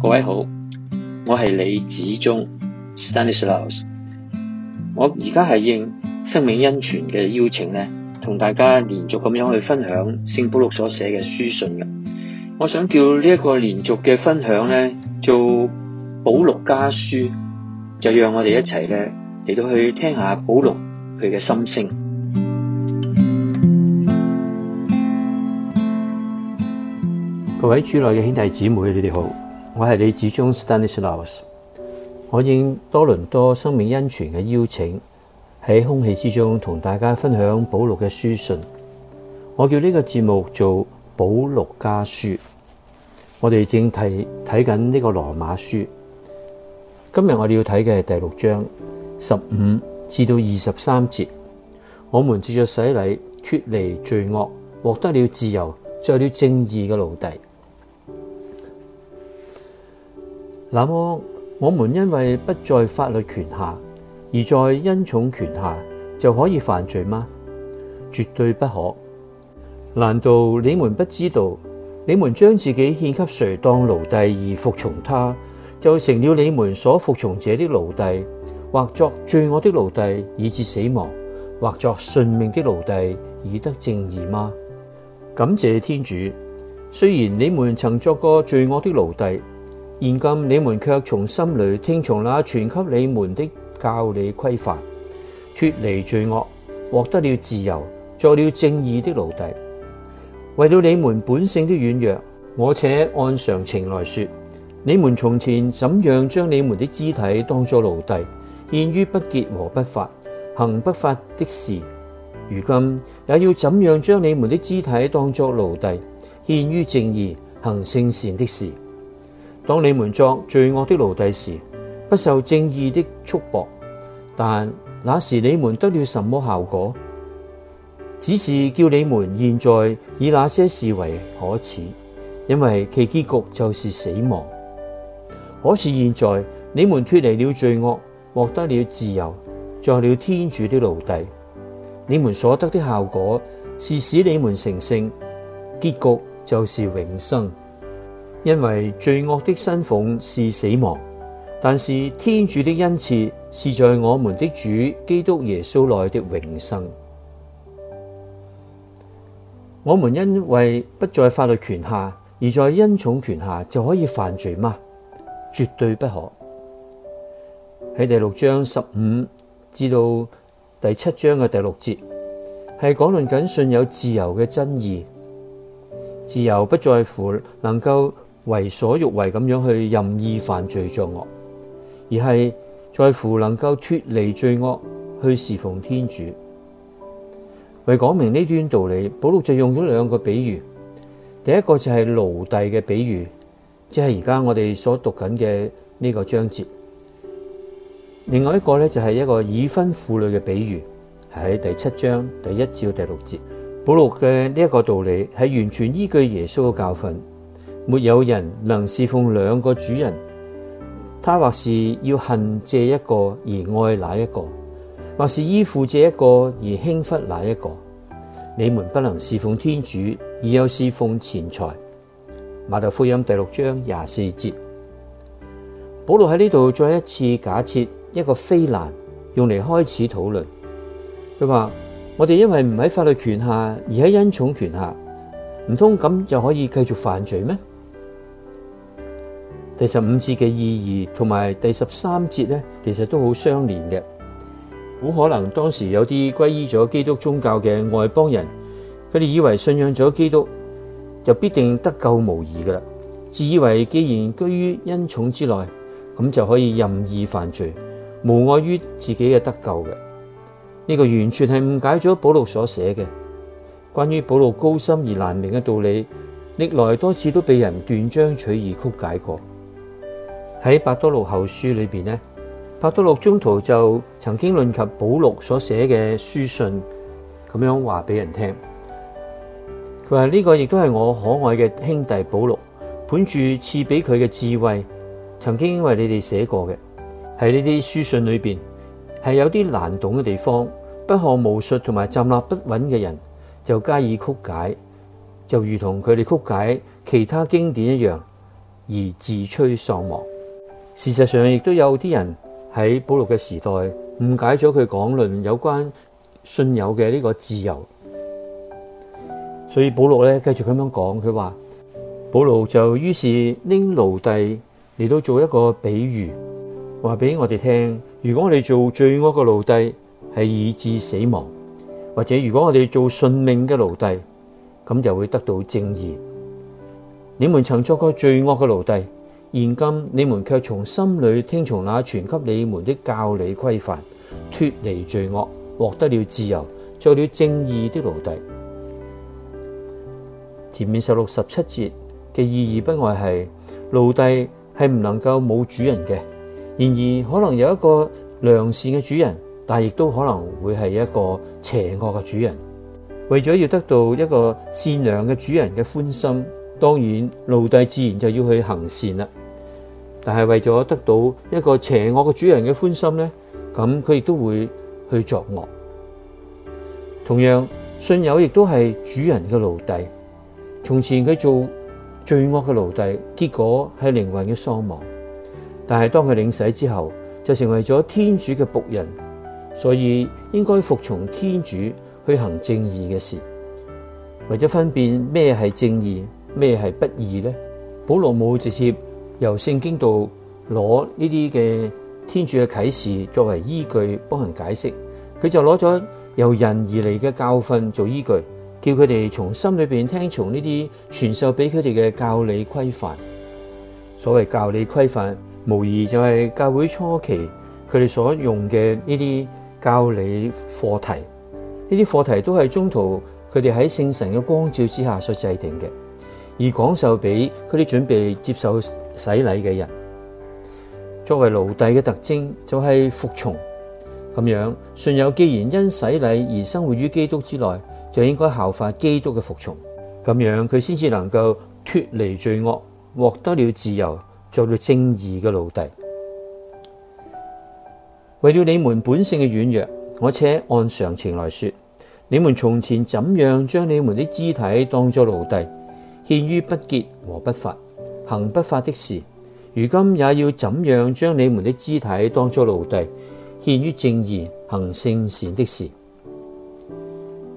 各位好，我係李子忠 Stanislaus 我而家係應生命恩泉嘅邀請咧，同大家連續咁樣去分享聖保祿所寫嘅書信嘅。我想叫呢一個連續嘅分享咧，做保祿家書，就讓我哋一齊咧嚟到去聽一下保祿佢嘅心聲。各位主內嘅兄弟姊妹，你哋好！我係李子忠 Stanislaus，我應多倫多生命恩泉嘅邀請，喺空氣之中同大家分享保祿嘅書信。我叫呢個節目做《保祿家書》。我哋正睇睇緊呢個羅馬書，今日我哋要睇嘅係第六章十五至到二十三節。我們藉着洗禮，脫離罪惡，獲得了自由，作了正義嘅奴隸。那麼我們因為不在法律權下，而在恩寵權下，就可以犯罪嗎？絕對不可。難道你們不知道，你們將自己獻給誰當奴隸而服從他，就成了你們所服從者的奴隸，或作罪惡的奴隸以致死亡，或作順命的奴隸以得正義嗎？感謝天主，雖然你們曾作過罪惡的奴隸。現今你們卻從心裡聽從那傳給你們的教理規範，脫離罪惡，獲得了自由，作了正義的奴隸。為了你們本性的軟弱，我且按常情來說：你們從前怎樣將你們的肢體當作奴隸，獻於不潔和不法，行不法的事；如今也要怎樣將你們的肢體當作奴隸，獻於正義，行聖善的事。當你們作罪惡的奴隸時，不受正義的束縛，但那時你們得了什麼效果？只是叫你們現在以那些事為可恥，因為其結局就是死亡。可是現在你們脫離了罪惡，獲得了自由，作了天主的奴隸。你們所得的效果是使你們成聖，結局就是永生。因為罪惡的薪俸是死亡，但是天主的恩賜是在我們的主基督耶穌內的永生。我們因為不在法律權下，而在恩寵權下，就可以犯罪嗎？絕對不可。喺第六章十五至到第七章嘅第六節，係講論緊信友自由嘅真義。自由不在乎能夠為所欲為咁樣去任意犯罪作惡，而係在乎能夠脫離罪惡去侍奉天主。為講明呢段道理，保祿就用咗兩個比喻。第一個就係奴隸嘅比喻，即係而家我哋所讀緊嘅呢個章節。另外一個咧，就係一個已婚婦女嘅比喻，喺第七章第一至第六節。保祿嘅呢一個道理係完全依據耶穌嘅教訓。沒有人能侍奉兩個主人，他或是要恨這一個而愛那一個，或是依附這一個而輕忽那一個。你們不能侍奉天主而又侍奉錢財。瑪竇福音第六章廿四節，保祿喺呢度再一次假設一個非難，用嚟開始討論。佢話我哋因為唔喺法律權下而喺恩寵權下，唔通咁就可以繼續犯罪咩？第十五節嘅意義同埋第十三節咧，其實都好相連嘅。好可能當時有啲歸依咗基督宗教嘅外邦人，佢哋以為信仰咗基督就必定得救無疑噶啦，自以為既然居於恩寵之內，咁就可以任意犯罪，無礙於自己嘅得救嘅。呢個完全係誤解咗保祿所寫嘅。關於保祿高深而難明嘅道理，歷來多次都被人斷章取義曲解過。喺伯多祿後書裏邊呢，《伯多祿》中途就曾經論及保祿所寫嘅書信，咁樣話俾人聽。佢話呢個亦都係我可愛嘅兄弟保祿，本住賜俾佢嘅智慧，曾經為你哋寫過嘅。喺呢啲書信裏邊，係有啲難懂嘅地方，不學無術同埋站立不穩嘅人就加以曲解，就如同佢哋曲解其他經典一樣，而自吹喪亡。事實上，亦都有啲人喺保祿嘅時代誤解咗佢講論有關信友嘅呢個自由，所以保祿咧繼續咁樣講，佢話：保祿就於是拎奴隸嚟到做一個比喻，話俾我哋聽：如果我哋做罪惡嘅奴隸，係以致死亡；或者如果我哋做順命嘅奴隸，咁就會得到正義。你們曾作過罪惡嘅奴隸。現今你們卻從心裡聽從那傳給你們的教理規範，脫離罪惡，獲得了自由，作了正義的奴隸。前面十六十七節嘅意義不外係奴隸係唔能夠冇主人嘅，然而可能有一個良善嘅主人，但亦都可能會係一個邪惡嘅主人。為咗要得到一個善良嘅主人嘅歡心，當然奴隸自然就要去行善啦。但係為咗得到一個邪惡嘅主人嘅歡心咧，咁佢亦都會去作惡。同樣，信友亦都係主人嘅奴隸。從前佢做罪惡嘅奴隸，結果係靈魂嘅喪亡。但係當佢領洗之後，就成為咗天主嘅僕人，所以應該服從天主去行正義嘅事。為咗分辨咩係正義，咩係不義咧，保祿冇直接。由聖經度攞呢啲嘅天主嘅啟示作為依據幫人解釋，佢就攞咗由人而嚟嘅教訓做依據，叫佢哋從心裏邊聽從呢啲傳授俾佢哋嘅教理規範。所謂教理規範，無疑就係教會初期佢哋所用嘅呢啲教理課題。呢啲課題都係宗徒佢哋喺聖神嘅光照之下所制定嘅，而講授俾佢哋準備接受。洗禮嘅人，作為奴隸嘅特徵就係、是、服從。咁樣，信友既然因洗禮而生活於基督之內，就應該效法基督嘅服從，咁樣佢先至能夠脫離罪惡，獲得了自由，做到正義嘅奴隸。為了你們本性嘅軟弱，我且按常情來說，你們從前怎樣將你們啲肢體當作奴隸，獻於不潔和不法。行不法的事，如今也要怎樣將你們的肢體當作奴隸，獻於正義，行聖善的事。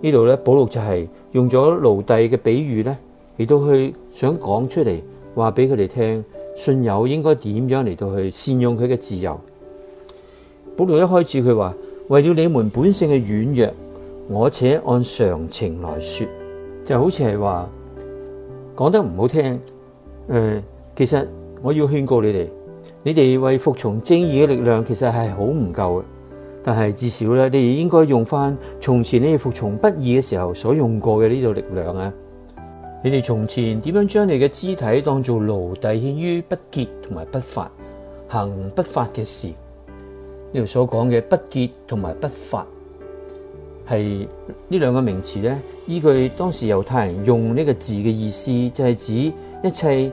呢度咧，保禄就係用咗奴隸嘅比喻咧，嚟到去想講出嚟話俾佢哋聽，信友應該點樣嚟到去善用佢嘅自由。保禄一開始佢話，為了你們本性嘅軟弱，我且按常情來說，就好似係話，講得唔好聽。誒、嗯，其實我要勸告你哋，你哋為服從正義嘅力量其實係好唔夠嘅，但係至少咧，你哋應該用翻從前你哋服從不義嘅時候所用過嘅呢度力量啊！你哋從前點樣將你嘅肢體當做奴隸獻於不潔同埋不法，行不法嘅事。呢度所講嘅不潔同埋不法係呢兩個名詞咧，依據當時猶太人用呢個字嘅意思，就係指。一切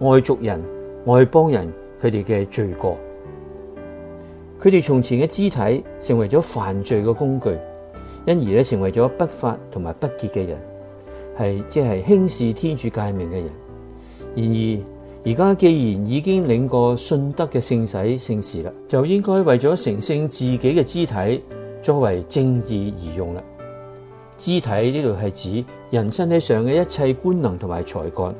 外族人、外邦人，佢哋嘅罪過，佢哋從前嘅肢體成為咗犯罪嘅工具，因而咧成為咗不法同埋不潔嘅人，係即係輕視天主誡命嘅人。然而而家既然已經領過信德嘅聖洗聖事啦，就應該為咗成聖自己嘅肢體作為正義而用啦。肢體呢度係指人身體上嘅一切官能同埋才幹。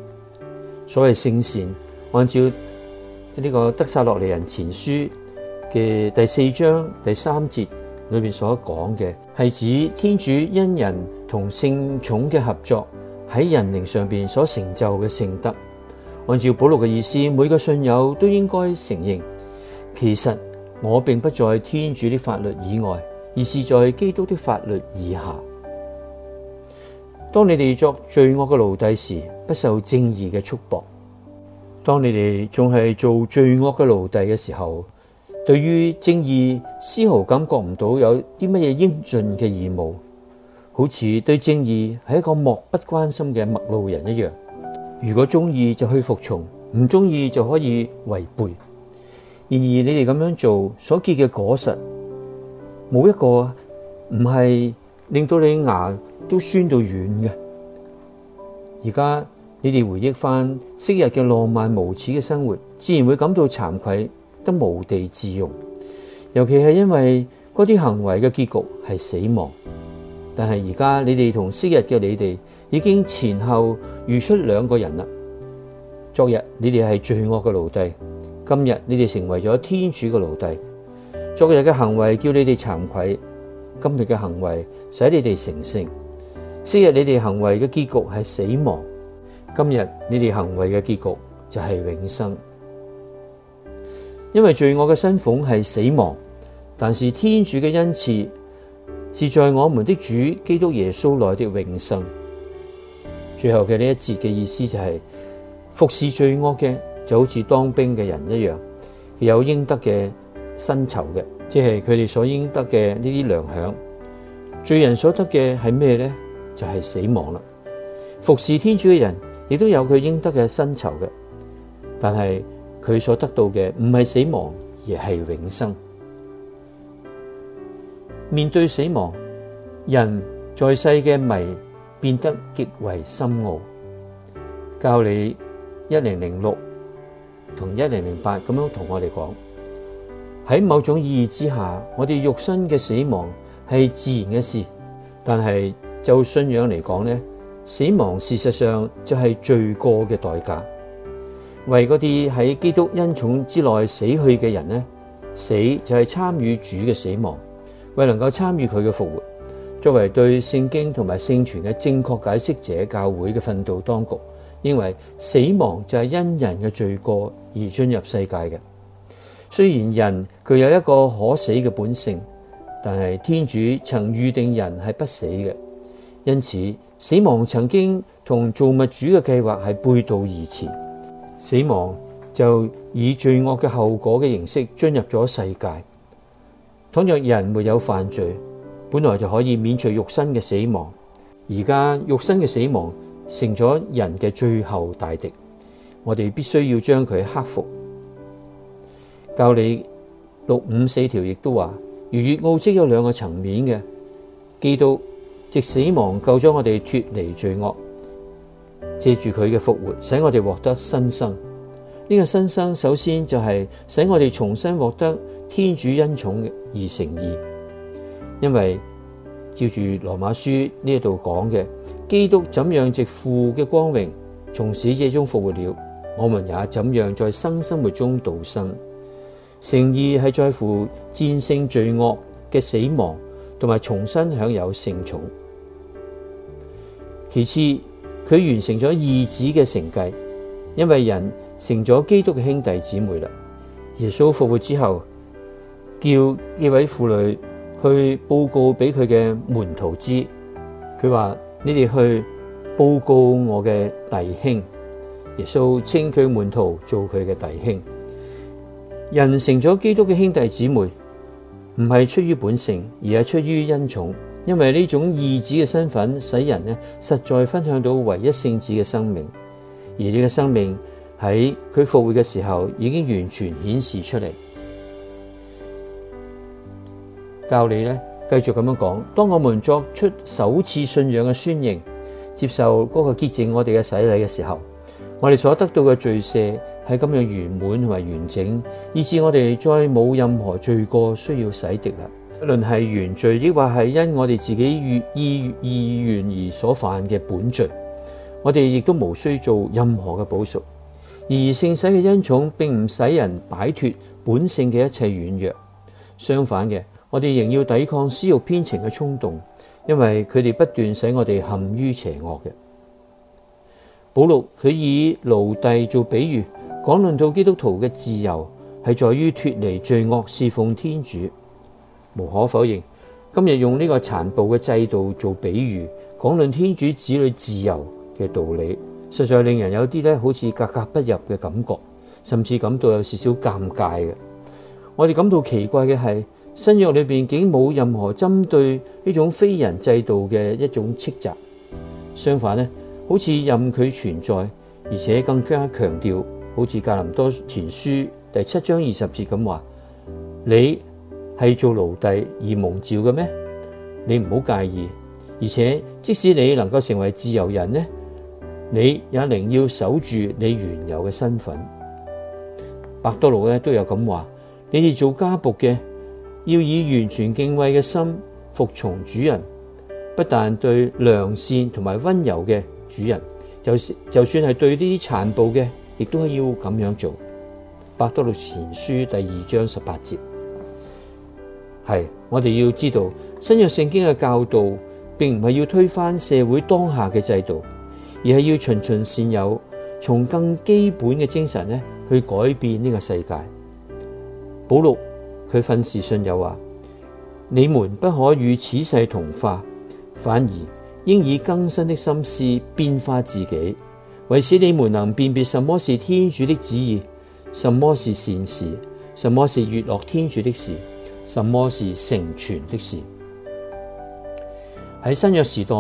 所謂聖善，按照呢個得撒洛尼人前書嘅第四章第三節裏面所講嘅，係指天主因人同聖寵嘅合作喺人靈上邊所成就嘅聖德。按照保祿嘅意思，每個信友都應該承認，其實我並不在天主的法律以外，而是在基督的法律以下。當你哋作罪惡嘅奴隸時，不受正義嘅束縛；當你哋仲係做罪惡嘅奴隸嘅時候，對於正義絲毫感覺唔到有啲乜嘢應盡嘅義務，好似對正義係一個漠不關心嘅陌路人一樣。如果中意就去服從，唔中意就可以違背。然而你哋咁樣做所結嘅果實，冇一個唔係令到你牙，都酸到軟嘅。而家你哋回憶翻昔日嘅浪漫無恥嘅生活，自然會感到慚愧，得無地自容。尤其係因為嗰啲行為嘅結局係死亡。但係而家你哋同昔日嘅你哋已經前後如出兩個人啦。昨日你哋係罪惡嘅奴隸，今日你哋成為咗天主嘅奴隸。昨日嘅行為叫你哋慚愧，今日嘅行為使你哋成聖。昔日你哋行為嘅結局係死亡，今日你哋行為嘅結局就係永生，因為罪惡嘅薪俸係死亡，但是天主嘅恩賜是在我們的主基督耶穌內的永生。最後嘅呢一節嘅意思就係、是、服侍罪惡嘅就好似當兵嘅人一樣，有應得嘅薪酬嘅，即係佢哋所應得嘅呢啲糧餉。罪人所得嘅係咩咧？就係、是、死亡啦！服侍天主嘅人亦都有佢應得嘅薪酬嘅，但係佢所得到嘅唔係死亡，而係永生。面對死亡，人在世嘅迷變得極為深奧。教理一零零六同一零零八咁樣同我哋講：喺某種意義之下，我哋肉身嘅死亡係自然嘅事，但係。就信仰嚟講呢，死亡事實上就係罪過嘅代價。為嗰啲喺基督恩寵之內死去嘅人呢，死就係參與主嘅死亡，為能夠參與佢嘅復活。作為對聖經同埋聖傳嘅正確解釋者，教會嘅訓導當局認為死亡就係因人嘅罪過而進入世界嘅。雖然人具有一個可死嘅本性，但係天主曾預定人係不死嘅。因此，死亡曾經同造物主嘅計劃係背道而馳。死亡就以罪惡嘅後果嘅形式進入咗世界。倘若人沒有犯罪，本來就可以免除肉身嘅死亡。而家肉身嘅死亡成咗人嘅最後大敵。我哋必須要將佢克服。教理六五四條亦都話，逾越奧蹟有兩個層面嘅記到。藉死亡救咗我哋脫離罪惡，借住佢嘅復活，使我哋獲得新生。呢、這個新生首先就係使我哋重新獲得天主恩寵而成義。因為照住羅馬書呢一度講嘅，基督怎樣藉父嘅光榮從死者中復活了，我們也怎樣在新生、生活中度生。成義係在乎戰勝罪惡嘅死亡，同埋重新享有聖寵。其次，佢完成咗義子嘅成計，因為人成咗基督嘅兄弟姊妹啦。耶穌復活之後，叫呢位婦女去報告俾佢嘅門徒知，佢話：你哋去報告我嘅弟兄。耶穌稱佢門徒做佢嘅弟兄。人成咗基督嘅兄弟姊妹，唔係出於本性，而係出於恩寵。因為呢種義子嘅身份，使人呢實在分享到唯一聖子嘅生命，而你嘅生命喺佢復活嘅時候已經完全顯示出嚟，教理咧繼續咁樣講。當我們作出首次信仰嘅宣認，接受嗰個潔淨我哋嘅洗禮嘅時候，我哋所得到嘅罪赦係咁樣圓滿同埋完整，以致我哋再冇任何罪過需要洗滌啦。不論係原罪，亦或係因我哋自己以意意意願而所犯嘅本罪，我哋亦都無需做任何嘅補贖。而聖洗嘅恩寵，並唔使人擺脫本性嘅一切軟弱。相反嘅，我哋仍要抵抗私欲偏情嘅衝動，因為佢哋不斷使我哋陷於邪惡嘅。保祿佢以奴隸做比喻，講論到基督徒嘅自由係在於脫離罪惡，侍奉天主。無可否認，今日用呢個殘暴嘅制度做比喻，講論天主子女自由嘅道理，實在令人有啲咧好似格格不入嘅感覺，甚至感到有少少尷尬嘅。我哋感到奇怪嘅係，新約裏邊竟冇任何針對呢種非人制度嘅一種斥責，相反呢，好似任佢存在，而且更加強調，好似格林多前書第七章二十節咁話，你係做奴隸而蒙召嘅咩？你唔好介意，而且即使你能夠成為自由人呢，你也寧要守住你原有嘅身份。伯多祿呢都有咁話：你哋做家僕嘅要以完全敬畏嘅心服從主人，不但對良善同埋溫柔嘅主人，就算是就算係對呢啲殘暴嘅，亦都係要咁樣做。伯多祿前書第二章十八節。係，我哋要知道新約聖經嘅教導，並唔係要推翻社會當下嘅制度，而係要循循善誘，從更基本嘅精神去改變呢個世界。保祿佢訓示信友話：，你們不可與此世同化，反而應以更新的心思變化自己，為使你們能辨別什麼是天主的旨意，什麼是善事，什麼是悅樂天主的事。什麼是成全的事？喺新約時代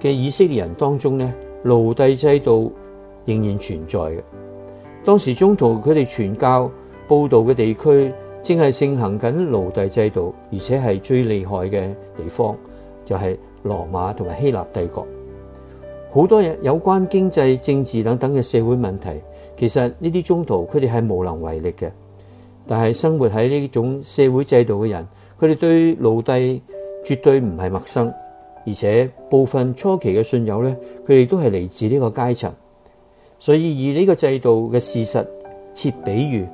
嘅以色列人當中呢，奴隸制度仍然存在嘅。當時宗徒佢哋傳教報道嘅地區，正係盛行緊奴隸制度，而且係最厲害嘅地方，就係羅馬同埋希臘帝國。好多有關經濟、政治等等嘅社會問題，其實呢啲宗徒佢哋係無能為力嘅。但係生活喺呢種社會制度嘅人，佢哋對奴隸絕對唔係陌生，而且部分初期嘅信友咧，佢哋都係嚟自呢個階層，所以以呢個制度嘅事實設比喻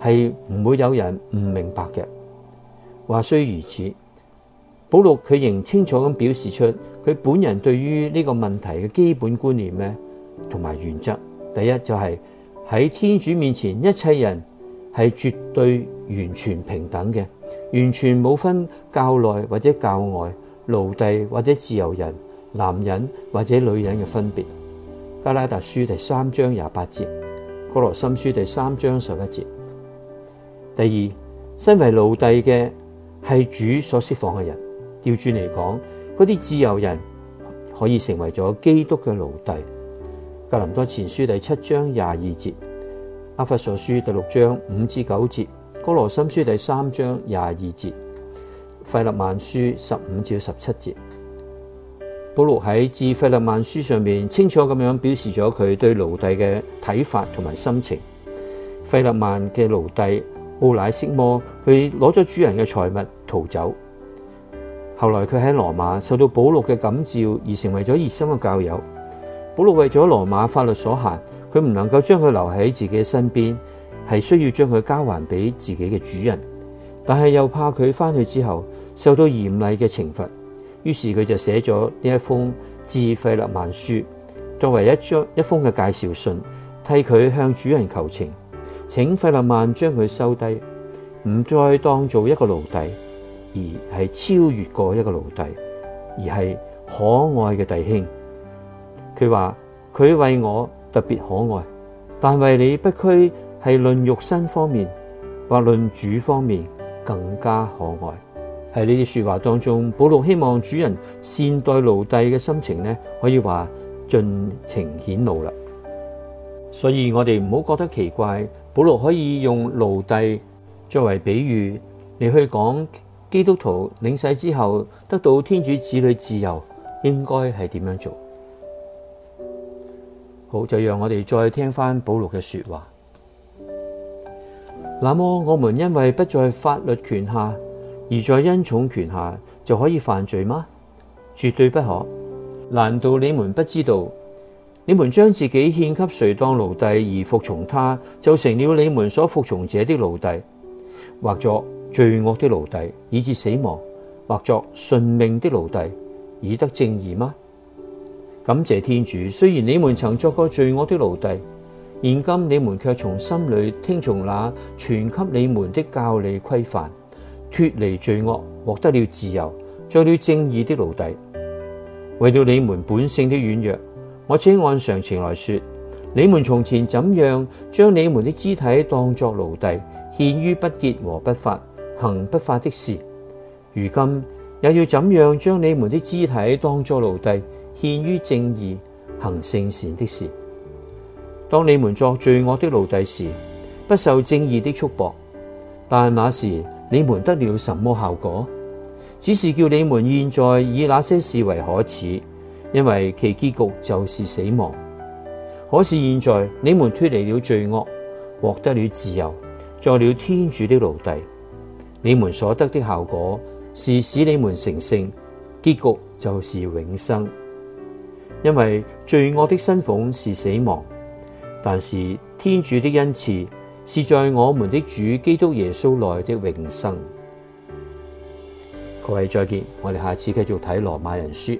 係唔會有人唔明白嘅。話雖如此，保祿佢仍清楚咁表示出佢本人對於呢個問題嘅基本觀念咧同埋原則。第一就係喺天主面前，一切人，係絕對完全平等嘅，完全冇分教內或者教外，奴隸或者自由人，男人或者女人嘅分別。加拉達書第三章廿八節，哥羅森書第三章十一節。第二，身為奴隸嘅係主所釋放嘅人。調轉嚟講，嗰啲自由人可以成為咗基督嘅奴隸。格林多前書第七章廿二節。阿弗所書第六章五至九節，哥羅森書第三章廿二節，費勒曼書十五至十七節。保祿喺致費勒曼書上面清楚咁樣表示咗佢對奴隸嘅睇法同埋心情。費勒曼嘅奴隸奧乃色摩，佢攞咗主人嘅財物逃走，後來佢喺羅馬受到保祿嘅感召，而成為咗熱心嘅教友。保祿為咗羅馬法律所限。佢唔能夠將佢留喺自己身邊，係需要將佢交還俾自己嘅主人，但係又怕佢返去之後受到嚴厲嘅懲罰，於是佢就寫咗呢一封致費勒曼書，作為一張一封嘅介紹信，替佢向主人求情，請費勒曼將佢收低，唔再當做一個奴隸，而係超越過一個奴隸，而係可愛嘅弟兄。佢話佢為我。特別可愛，但為你不拘係論肉身方面或論主方面更加可愛。喺呢啲說話當中，保祿希望主人善待奴隸嘅心情呢，可以話盡情顯露啦。所以我哋唔好覺得奇怪，保祿可以用奴隸作為比喻你去講基督徒領洗之後得到天主子女自由，應該係點樣做。好，就讓我哋再聽返保祿嘅說話。那麼，我們因為不在法律權下，而在恩寵權下，就可以犯罪嗎？絕對不可。難道你們不知道，你們將自己獻給誰當奴隸而服從他，就成了你們所服從者的奴隸，或作罪惡的奴隸，以致死亡，或作順命的奴隸，以得正義嗎？感謝天主，雖然你們曾作過罪惡的奴隸，現今你們却從心裡聽從那傳給你們的教理規範，脱離罪惡，獲得了自由，作了正義的奴隸。為了你們本性的軟弱，我且按常情來說：你們從前怎樣將你們的肢體當作奴隸，獻於不潔和不法、行不法的事，如今又要怎樣將你們的肢體當作奴隸？獻於正義，行聖善的事。當你們作罪惡的奴隸時，不受正義的束縛，但那時你們得了什麼效果？只是叫你們現在以那些事為可恥，因為其結局就是死亡。可是現在你們脫離了罪惡，獲得了自由，做了天主的奴隸。你們所得的效果是使你們成聖，結局就是永生。因為罪惡的薪俸是死亡，但是天主的恩賜是在我們的主基督耶穌內的永生。各位再見，我哋下次繼續睇羅馬人書。